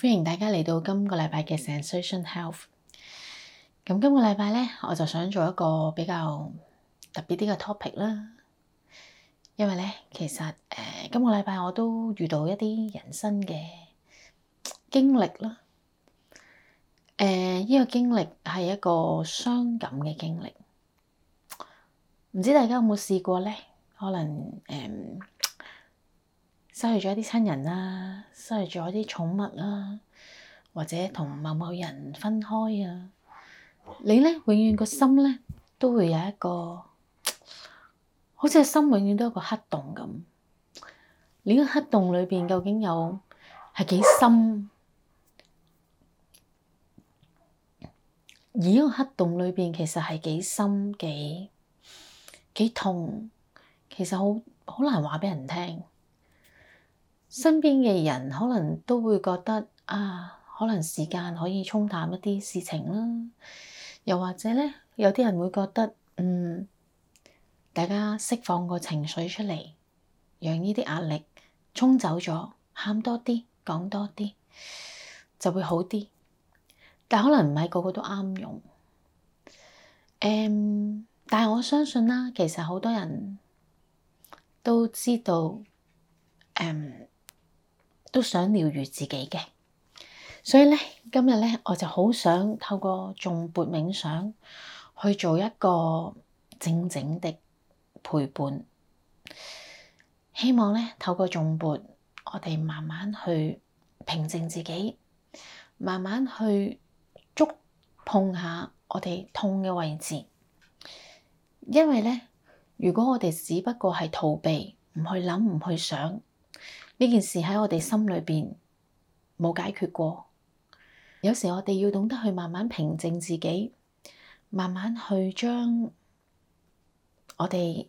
歡迎大家嚟到今個禮拜嘅 Zensation Health。咁今個禮拜咧，我就想做一個比較特別啲嘅 topic 啦。因為咧，其實誒、呃，今個禮拜我都遇到一啲人生嘅經歷啦。誒、呃，呢、這個經歷係一個傷感嘅經歷，唔知大家有冇試過咧？可能誒。呃失去咗一啲親人啦，失去咗啲寵物啦，或者同某某人分開啊，你咧永遠個心咧都會有一個，好似個心永遠都有一個黑洞咁。呢個黑洞裏邊究竟有係幾深？而呢個黑洞裏邊其實係幾深，幾幾痛，其實好好難話俾人聽。身邊嘅人可能都會覺得啊，可能時間可以沖淡一啲事情啦。又或者咧，有啲人會覺得，嗯，大家釋放個情緒出嚟，讓呢啲壓力沖走咗，喊多啲，講多啲，就會好啲。但可能唔係個個都啱用。誒、嗯，但係我相信啦，其實好多人都知道，誒、嗯。都想療癒自己嘅，所以咧今日咧我就好想透過頌缽冥想去做一個靜靜的陪伴，希望咧透過頌缽，我哋慢慢去平靜自己，慢慢去觸碰下我哋痛嘅位置，因為咧如果我哋只不過係逃避，唔去諗，唔去想。呢件事喺我哋心裏邊冇解決過，有時我哋要懂得去慢慢平靜自己，慢慢去將我哋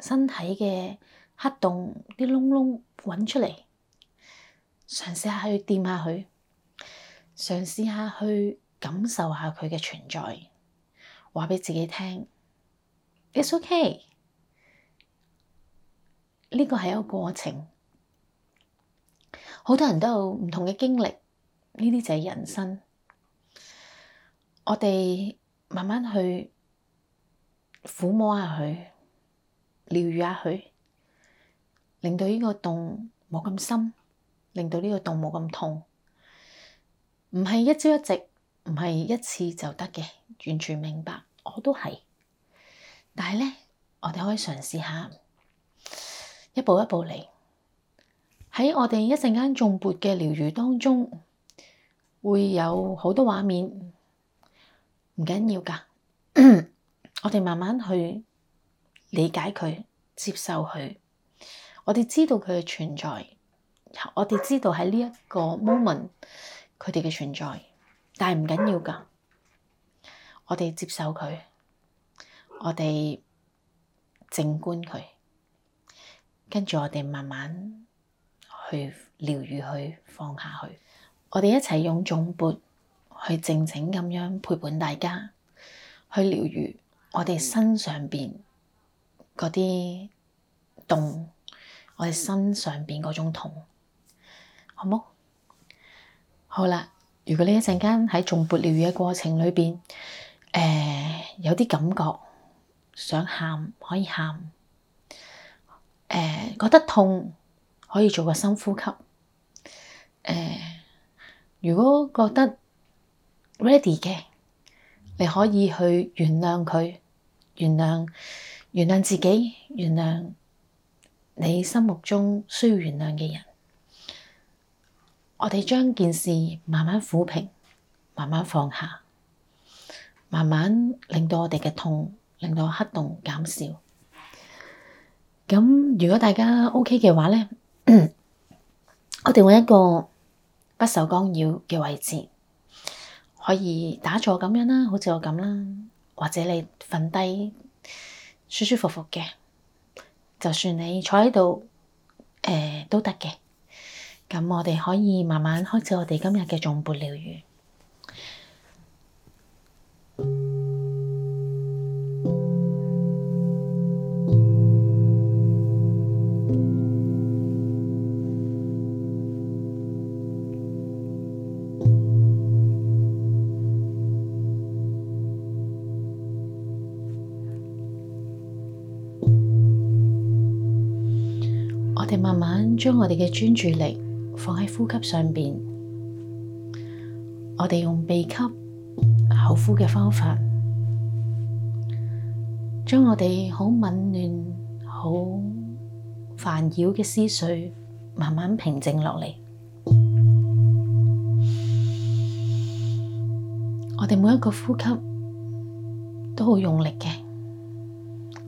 身體嘅黑洞啲窿窿揾出嚟，嘗試下去掂下佢，嘗試下去感受下佢嘅存在，話畀自己聽，it's okay，呢個係一個過程。好多人都有唔同嘅經歷，呢啲就係人生。我哋慢慢去撫摸下佢，療癒下佢，令到呢個洞冇咁深，令到呢個洞冇咁痛。唔係一朝一夕，唔係一次就得嘅，完全明白，我都係。但係咧，我哋可以嘗試下，一步一步嚟。喺我哋一陣間頌缽嘅療癒當中，會有好多畫面，唔緊要㗎。我哋慢慢去理解佢，接受佢。我哋知道佢嘅存在，我哋知道喺呢一個 moment 佢哋嘅存在，但係唔緊要㗎。我哋接受佢，我哋靜觀佢，跟住我哋慢慢。去療癒，去放下去。我哋一齊用頌缽去靜靜咁樣陪伴大家，去療癒我哋身上邊嗰啲痛，我哋身上邊嗰種痛，好冇？好啦，如果你一陣間喺頌缽療癒嘅過程裏邊，誒、呃，有啲感覺想喊可以喊，誒、呃，覺得痛。可以做個深呼吸。呃，如果覺得 ready 嘅，你可以去原諒佢，原諒原諒自己，原諒你心目中需要原諒嘅人。我哋將件事慢慢撫平，慢慢放下，慢慢令到我哋嘅痛，令到黑洞減少。咁如果大家 OK 嘅話呢？ 我哋揾一個不受干擾嘅位置，可以打坐咁樣啦，好似我咁啦，或者你瞓低舒舒服服嘅，就算你坐喺度，呃、都得嘅。咁我哋可以慢慢開始我哋今日嘅頌缽療癒。我哋嘅專注力放喺呼吸上面，我哋用鼻吸口呼嘅方法，將我哋好紊亂、好煩擾嘅思緒慢慢平靜落嚟。我哋每一個呼吸都好用力嘅，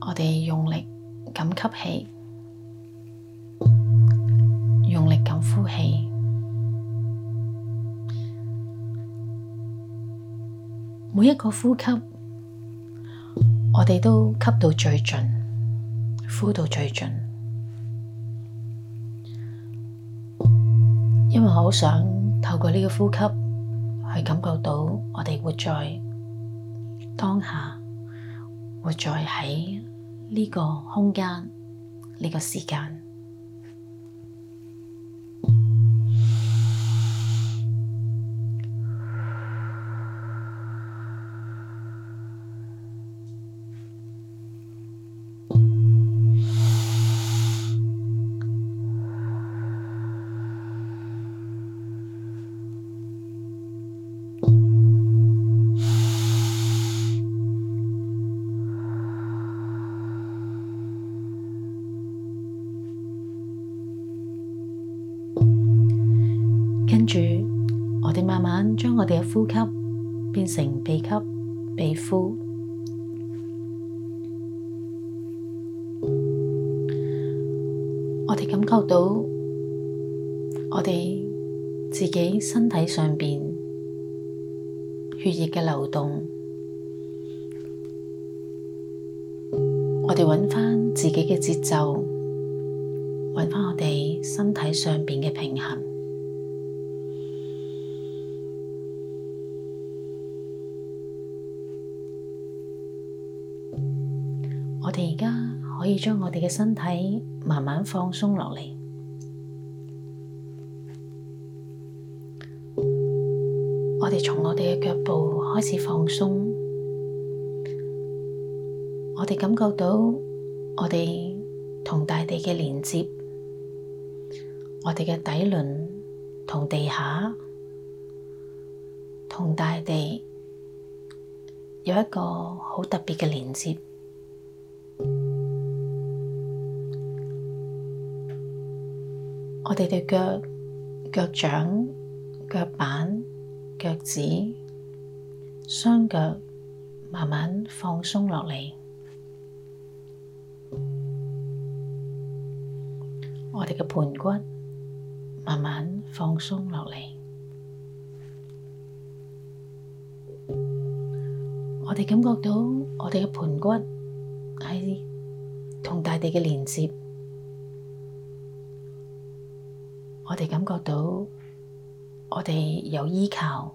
我哋用力咁吸氣。氣，每一個呼吸，我哋都吸到最盡，呼到最盡，因為我好想透過呢個呼吸去感覺到我哋活在當下，活在喺呢個空間，呢個時間。感覺到我哋自己身體上面血液嘅流動，我哋揾翻自己嘅節奏，揾翻我哋身體上面嘅平衡。將我哋嘅身體慢慢放鬆落嚟，我哋從我哋嘅腳步開始放鬆，我哋感覺到我哋同大地嘅連接，我哋嘅底輪同地下同大地有一個好特別嘅連接。我哋對腳、腳掌、腳板、腳趾、雙腳慢慢放鬆落嚟。我哋嘅盤骨慢慢放鬆落嚟。我哋感覺到我哋嘅盤骨係同大地嘅連接。我哋感覺到，我哋有依靠。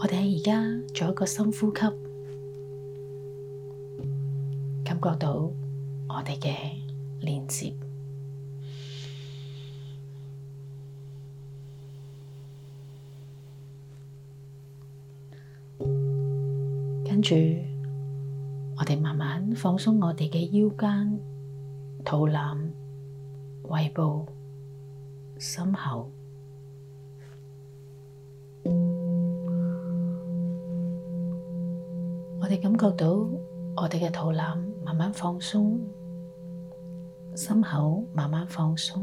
我哋喺而家做一個深呼吸，感覺到我哋嘅連接。跟住，我哋慢慢放鬆我哋嘅腰間、肚腩、胃部、心口。我哋感覺到我哋嘅肚腩慢慢放鬆，心口慢慢放鬆。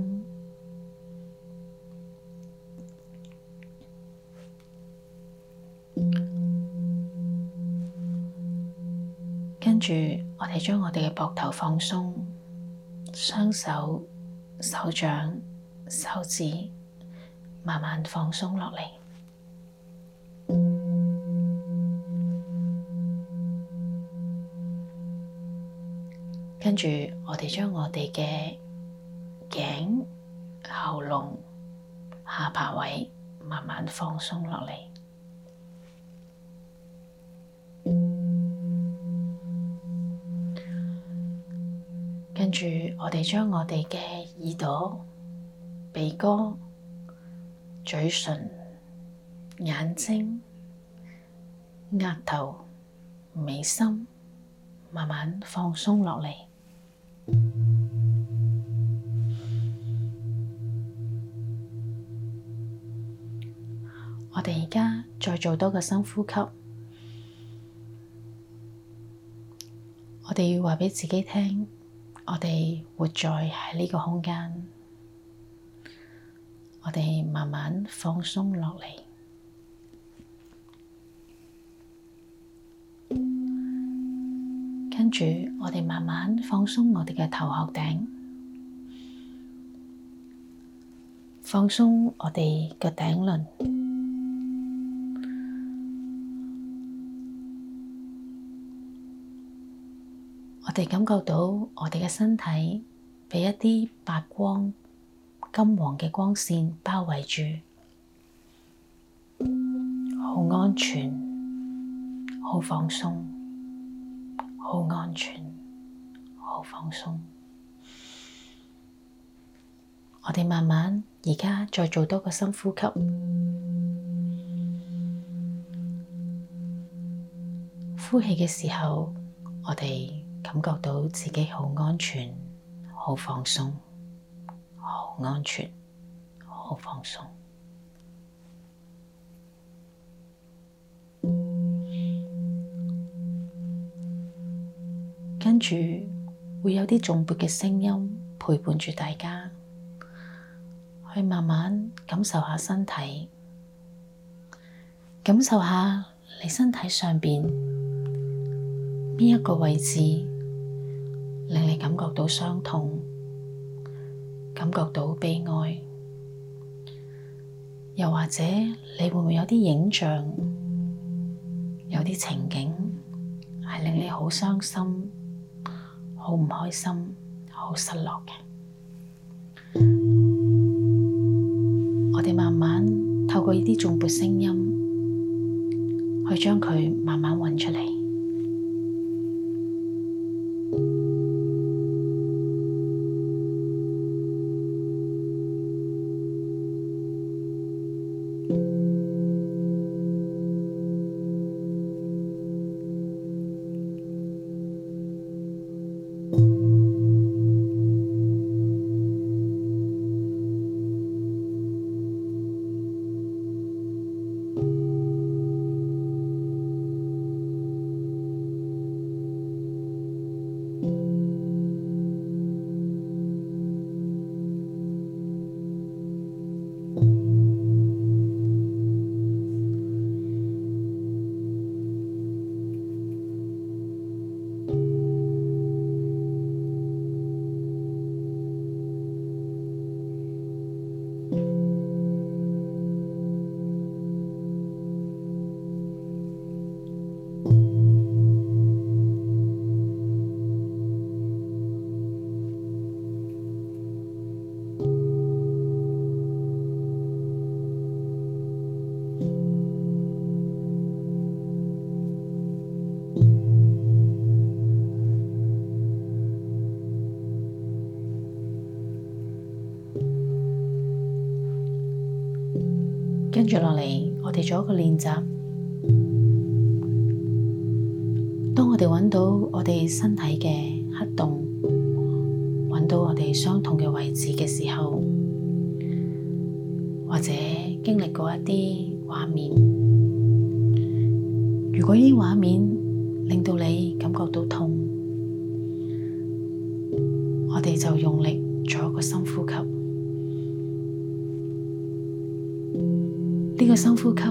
跟住，我哋將我哋嘅膊頭放鬆，雙手、手掌、手指慢慢放鬆落嚟。跟住，我哋將我哋嘅頸、喉嚨、下巴位慢慢放鬆落嚟。跟住，我哋將我哋嘅耳朵、鼻哥、嘴唇、眼睛、額頭、眉心，慢慢放鬆落嚟。 我哋而家再做多個深呼吸。我哋要話畀自己聽。我哋活在喺呢個空間，我哋慢慢放鬆落嚟，跟住我哋慢慢放鬆我哋嘅頭殼頂，放鬆我哋嘅頂輪。我哋感覺到我哋嘅身體被一啲白光、金黃嘅光線包圍住，好安全，好放鬆，好安全，好放鬆。我哋慢慢而家再做多個深呼吸，呼氣嘅時候，我哋。感覺到自己好安全，好放鬆，好安全，好放鬆。跟住會有啲頌缽嘅聲音陪伴住大家，去慢慢感受下身體，感受下你身體上面邊一個位置。令你感覺到傷痛，感覺到悲哀，又或者你會唔會有啲影像，有啲情景，係令你好傷心、好唔開心、好失落嘅？ 我哋慢慢透過呢啲頌缽聲音，去將佢慢慢揾出嚟。跟住落嚟，我哋做一個練習。當我哋揾到我哋身體嘅黑洞，揾到我哋傷痛嘅位置嘅時候，或者經歷過一啲畫面，如果呢啲畫面令到你感覺到痛，我哋就用力。呢個深呼吸，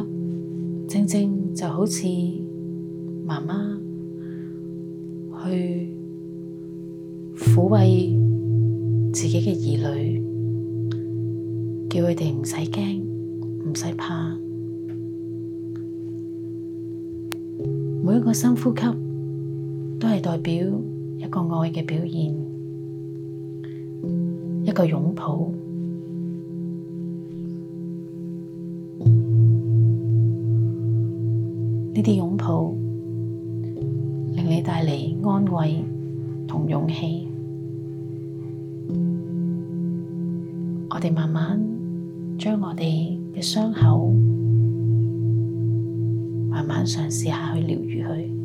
正正就好似媽媽去撫慰自己嘅兒女，叫佢哋唔使驚，唔使怕。每一個深呼吸，都係代表一個愛嘅表現，一個擁抱。呢啲擁抱，令你帶嚟安慰同勇氣。我哋慢慢將我哋嘅傷口，慢慢嘗試下去療愈佢。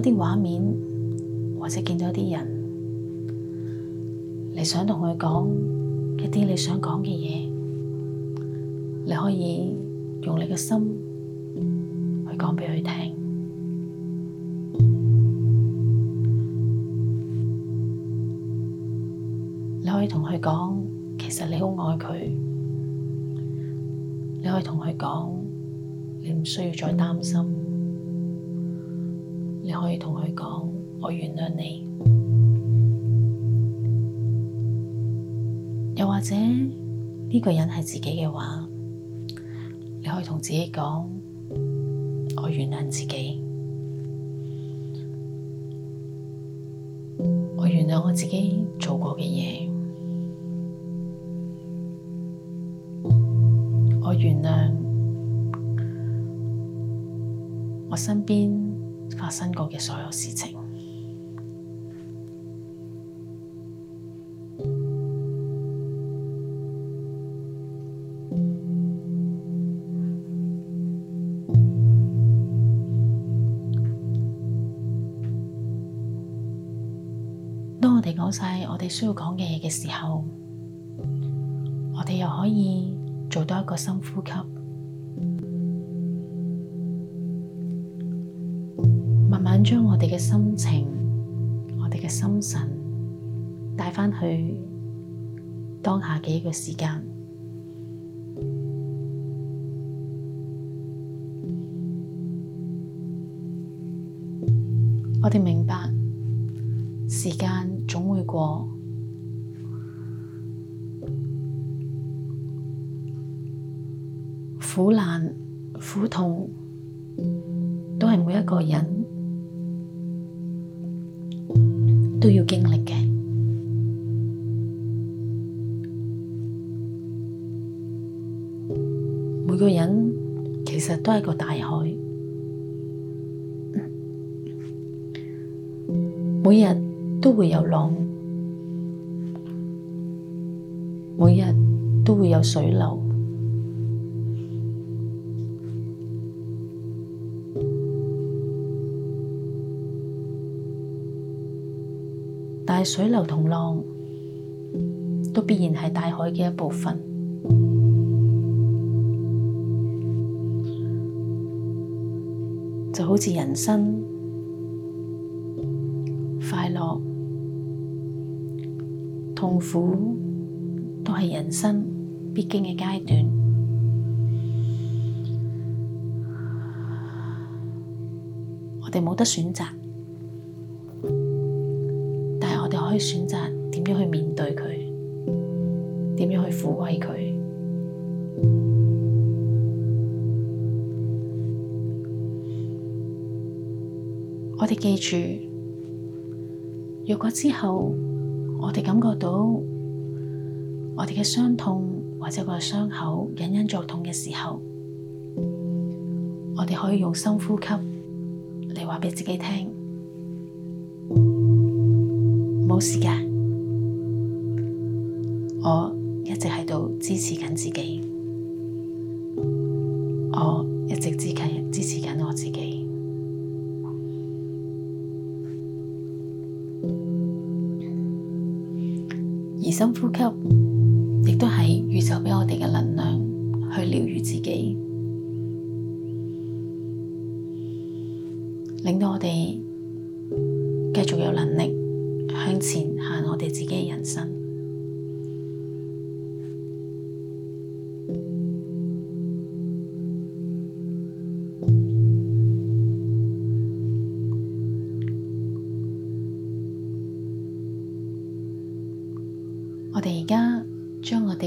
啲畫面或者見到啲人，你想同佢講一啲你想講嘅嘢，你可以用你嘅心去講畀佢聽。你可以同佢講，其實你好愛佢。你可以同佢講，你唔需要再擔心。你可以同佢講，我原諒你。又或者呢個人係自己嘅話，你可以同自己講，我原諒自己，我原諒我自己做過嘅嘢，我原諒我身邊。發生過嘅所有事情。當我哋講晒我哋需要講嘅嘢嘅時候，我哋又可以做多一個深呼吸。將我哋嘅心情、我哋嘅心神帶返去當下嘅一個時間，我哋明白時間總會過，苦難、苦痛都係每一個人都要經歷嘅。每個人其實都係一個大海，每日都會有浪，每日都會有水流。水流同浪都必然係大海嘅一部分，就好似人生。快樂、痛苦都係人生必經嘅階段，我哋冇得選擇，可以選擇點樣去面對佢，點樣去撫慰佢。我哋記住，若果之後我哋感覺到我哋嘅傷痛或者個傷口隱隱作痛嘅時候，我哋可以用深呼吸嚟話俾自己聽。我一直喺度支持緊自己，我一直支持支持緊我自己，而深呼吸。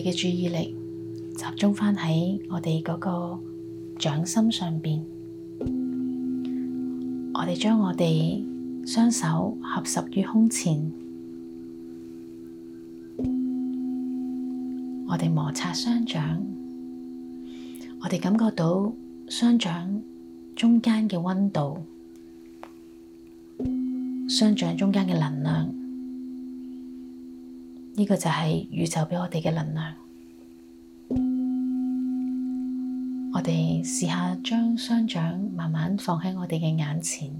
嘅注意力集中返喺我哋嗰個掌心上邊，我哋將我哋雙手合十於胸前，我哋摩擦雙掌，我哋感覺到雙掌中間嘅溫度，雙掌中間嘅能量。呢個就係宇宙畀我哋嘅能量。我哋試下將雙掌慢慢放喺我哋嘅眼前，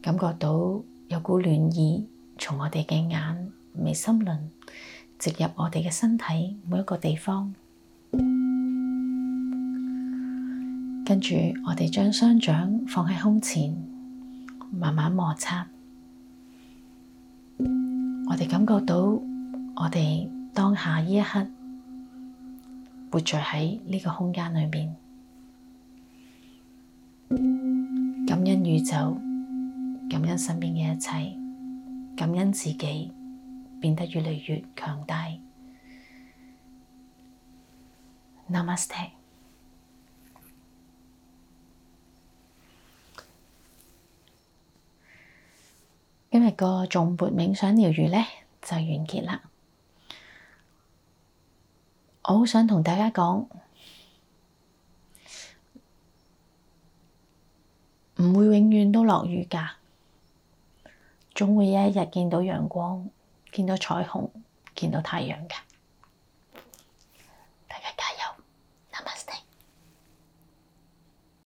感覺到有股暖意從我哋嘅眼眉心輪，直入我哋嘅身體每一個地方。跟住我哋將雙掌放喺胸前，慢慢摩擦。我哋感覺到，我哋當下呢一刻活在喺呢個空間裏面，感恩宇宙，感恩身邊嘅一切，感恩自己變得越嚟越強大。Namaste。今日嘅頌缽冥想療癒咧就完結啦。我好想同大家講，唔會永遠都落雨㗎，總會有一日見到陽光，見到彩虹，見到太陽㗎。